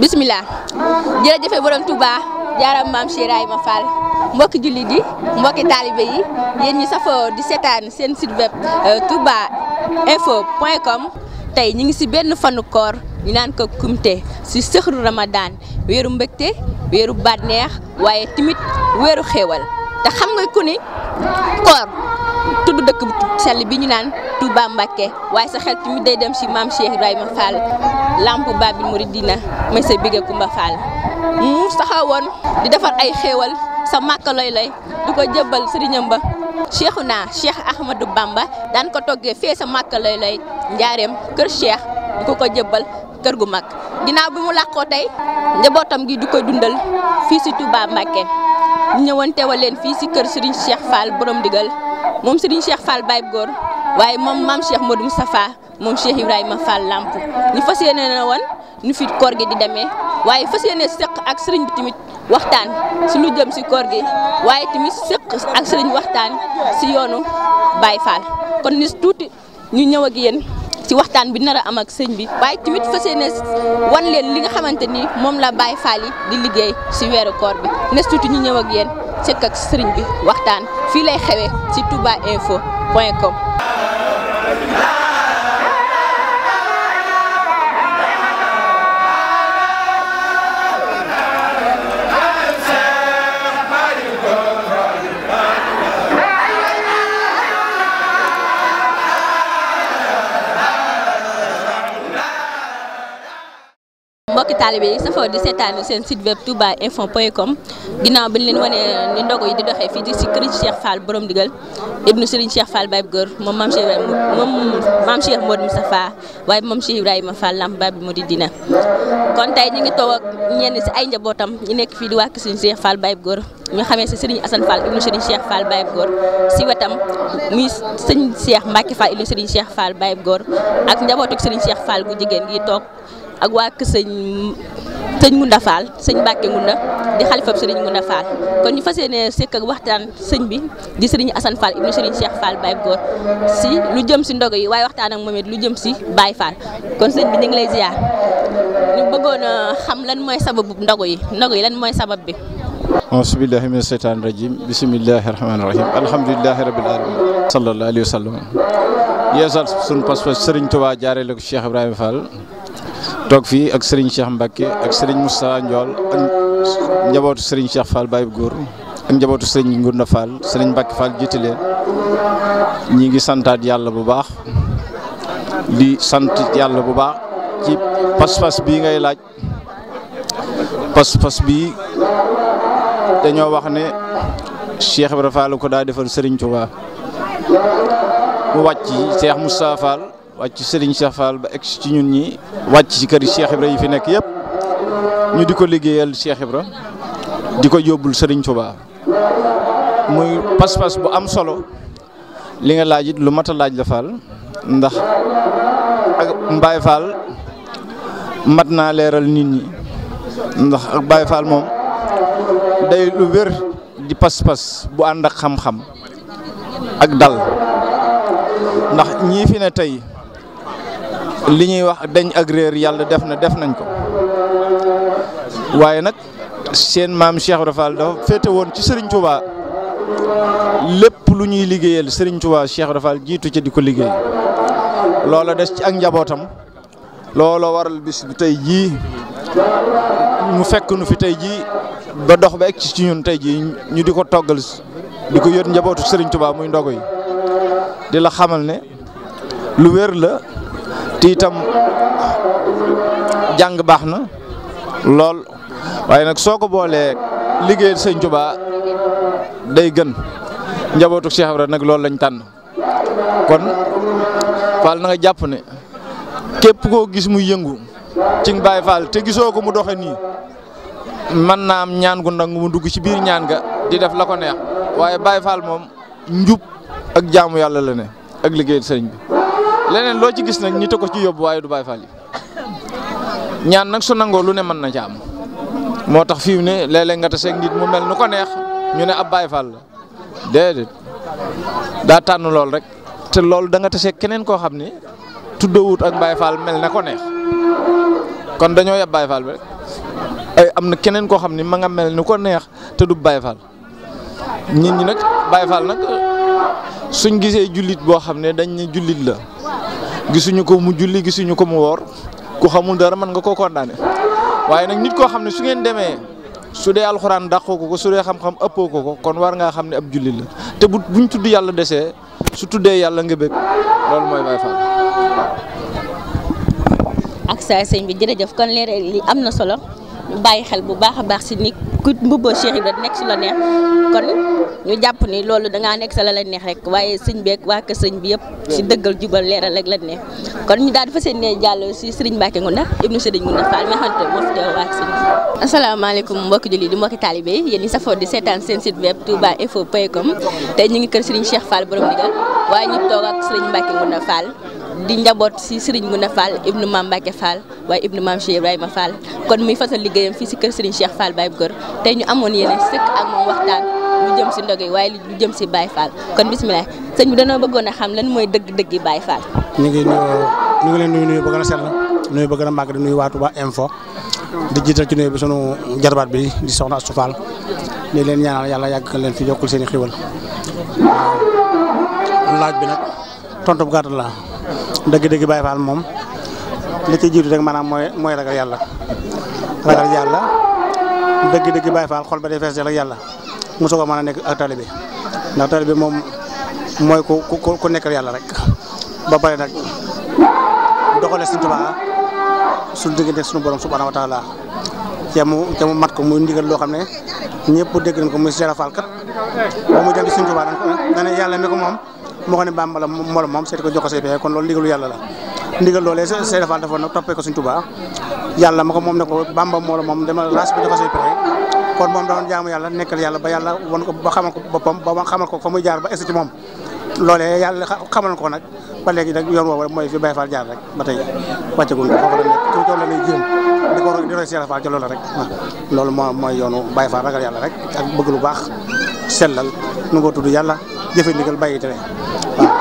bisimilah jërëjëfe borom Touba jaaram maam Cheikh Ibrahima Fall mbokki julli di mbokki taalibe yi yéen ñi safoo di seetaan seen site web euh, touba info point com tey ñu ngi si benn fanu koor ñu naan ko kumte si sëxru ramadan weeru mbégte weeru bànneex waaye timit weeru xéewal te xam nga ku ni koor tudd dëkk bu sell bi ñu naan Touba Mbacké waaye sa xel tamit day dem si maam Cheikh Ibrahima Fall lamp Babil Mouridina may sa biggee Kumba Fall mu saxawoon di defar ay xéewal sa màkka loy loy du ko jëbbal sëriñam ba Cheikhouna Cheikh Ahmadou Bamba daan ko toggee fee sa màkka loy loy njaareem kër Cheikh du ko ko jëbbal kër gu mag ginnaaw bi mu làqoo tey njabootam gi du ko dundal fii si Touba Mbacké ñëwoon teewal leen fii si kër Serigne Cheikh Fall borom digal moom Serigne Cheikh Fall Baye Góor waaye moom maam Cheikh Modou Moustapha moom Cheikh Ibrahima Fall Lamp ñu fas yéene na woon ñu fi koor gi di demee waaye fas yéene sëq ak sëriñ bi tamit waxtaan suñu jëm si koor gi waaye tamit sëq ak sëriñ waxtaan si yoonu Baye Fall kon ni tuuti ñu ñëw ak yéen ci waxtaan bi nar am ak sëñ bi waaye tamit fas yéene wan leen li nga xamante ni moom la Baye Fall di liggéey si weeru bi nes ñu ñëw ak yéen sëkk ak sëriñ bi waxtaan fii lay xewee ci touba info point Allahu mbokki taalibe yi safoo di seetaan seen site web touba info point com ginnaaw bi ñu leen wanee ni ndogu yi di doxee fii di si kër Cheikh Fall borom digal ibnu Serigne Cheikh Fall Baye Góor moom maam Cheikh moom maam Cheikh Modou Moustapha waaye moom Cheikh Ibrahima Fall lamp Baabul Muriidiina kon tey ñu ngi toog ñenn si ay njabootam ñu nekk fii di wàkk Serigne Cheikh Fall Baye Góor ñu xamee si Serigne Assane Fall ibnu Serigne Cheikh Fall Baye Góor si wetam muy Serigne Cheikh Mbacke Fall ibnu Serigne Cheikh Fall Baye Góor ak njabootuk Serigne seex Fall gu jigéen gi toog ak waa kër sëñ sëñ Ngunda Fall sëñ Mbacke Ngunda di xalifab sëriñ Ngunda Fall kon ñu fas yéene sekk ak waxtaan sëñ bi di sëriñ Assane Fall ibnu sëriñ Cheikh Fall Baye Góor si lu jëm si ndogo yi waaye waxtaan ak moom it lu jëm si Baye Fall kon sëñ bi ñu ngi lay ñu bëggoon xam lan mooy sababu ndogo yi ndogo yi lan mooy sabab bi. bismillahi mina seytaani rajim bismillahi rahmaani rahim alhamdulilahi rabil alamin sallallahu alayhi wa sallam yeesal suñu pas së sëriñ Tuubaa jaaree toog fii ak Serigne Cheikh Mbacke ak sëriñ Moussa Ndiol ak njabootu Serigne Cheikh Fall Baye Góor ak njabootu Serigne Ngounda Fall Serigne Mbacke Fall jiite leen ñi ngi santaat yàlla bu baax di sant yàlla bu baax ci pas-pas bii ngay laaj pas-pas bi dañoo wax ne Cheikh Ibrahima Fall ko daa defal Serigne Touba mu wàcc Cheikh Moussa Fall. wàcc Serigne Cheikh Fall ba egg ci ñun ñi wàcc ci kër Cheikh Ibra yi fi nekk yëpp ñu di ko liggéeyal Cheikh Ibra di ko jóobul sëriñ Touba muy pas-pas bu am solo li nga laaj it lu mat laaj la Fall ndax ak Mbaye Fall mat naa leeral nit ñi ndax ak Baye Fall moom day lu wér di pas-pas bu ànd ak xam-xam ak dal ndax ñii fi ne tey li ñuy wax dañ ak yàlla def na def nañ ko waaye nag seen maam Cheikh Rafal dafa féete woon ci Serigne Touba lépp lu ñuy liggéeyal Serigne Touba Cheikh Rafal jiitu ci di ko liggéey loola des ci ak njabootam looloo waral bis bi tey jii mu fekk nu fi tey jii ba dox ba egg ci ñun tey jii ñu di ko toggal di ko yót njabootu Serigne Touba muy ndogo di la xamal ne lu wér la. te itam baax na lool waaye nag soo ko boolee liggéeyal sëñ Tuubaa day gën njabootu Cheikh Ibra nag loolu lañ tànn kon Fall na jàpp ne képp koo gis muy yëngu ci nga Baay Fall te gisoo ko mu doxe nii mën naa am ñaan gu mu dugg ci biir ñaan ga di def la ko neex waaye Baay Fall moom njub ak jaamu yàlla la ne ak liggéeyal sëñ bi leneen loo ci gis nag ñi te ko ci yóbbu waaye du Baay Faal yi ñaan nag su nangoo lu ne mën na ci moo tax fii mu ne léeg nga taseeg nit mu mel nu ko neex ñu ne ab Baay la daa tànn lool rek te loolu da nga keneen koo xam ne tuddawut ak Baay mel na ko neex kon dañoo yab Baay Faal bi rek ay am na keneen koo xam ne ma nga mel ni ko neex te du Baay Faal nit ñi nag Baay Faal nag suñ gisee jullit boo xam ne dañ ne jullit la. gisuñu ko mu julli gisuñu ko mu woor ku xamul dara mën nga koo condamné waaye nag nit koo xam ne su ngeen demee su dee alxuraan dàqoo ko ko su dee xam-xam ëppoo ko ko kon war ngaa xam ne ab julli la te bu buñ tudd yàlla desee su tuddee yàlla nga bëgg loolu mooy Baay Faal. ak saa sëñ bi jërëjëf kon leer li am na solo bàyyi xel bu baax a baax si nit ku mbubboo Cheikh Ibra nekk si la neex kon ñu jàpp ni loolu dangaa nekk sa la la neex rek waaye sëñ beeg waa kër sëñ bi yëpp si dëggal jubal leeral rek la neex kon ñu daal di fas yéene jàll si Serigne Mbacké Ngounda ibnu Serigne Ngounda Fall mi nga xamante moo fi teew waa sëñ asalaamaaleykum mbokki julli di mbokki taalibe yéen ñi safoo di seetaan seen site web touba info point com ñu ngi kër Serigne Cheikh Fall borom ndigal waaye ñu toog ak Serigne Mbacké di njaboot si Serigne Ngoune Fall ibnu maam Mbacke Fall waaye ibnu maam Cheikh Ibrahima Fall kon muy fasal liggéeyam fii si kër Serigne Cheikh Fall Baye Gor tey ñu amoon yéene sëkk ak moom waxtaan lu jëm si ndoge waaye lu jëm si Baye Fall kon bisimilah sëñ bi danoo bëggoon a xam lan mooy dëgg-dëgg yi Baye Fall. ñu ngi nuyoo ngi leen nuyu nuyu ba gën a sell nuyu ba gën a màgg di nuyu waa Touba Info di jiital ci nuyu bi sunu jarbaat bi di soxna Astou Fall di leen ñaanal yàlla yàgg leen fi yokkul seen i bi nag tontu la dëgg-dëgg Baye Fall moom li ci jiitu rek maanaam mooy mooy ragal yàlla ragal yàlla dëgg-dëgg Baye Fall xol ba day fees yàlla mosoo ko mën a nekk ak taalibe ndax taalibe moom mooy ku ku ku nekkal yàlla rek ba pare nag doxale suñ Tuubaa suñu diggante suñu borom mu te mu mat ko xam ne ñëpp dégg nañ mu jëm yàlla mi ko moom. moo xam ne Bàmba la morom moom seeti ko jox ko say pexe kon loolu ndigalu yàlla la ndigal loolee Seydou Fall dafa nag toppee ko Sëñ Tuubaa yàlla ko ko Bàmba morom moom dama raas bi jox ko xamal ko boppam ba xamal ko nag ba léegi nag yoon woowu mooy fi Baye Fall rek la nekk ci tool la lay jéem di ko di roy Seydou Fall ci loolu rek mooy yoonu Baye Fall ragal yàlla rek ak bëgg lu baax sellal nu nga tudd yàlla jëfe ndigal bàyyi tere waaw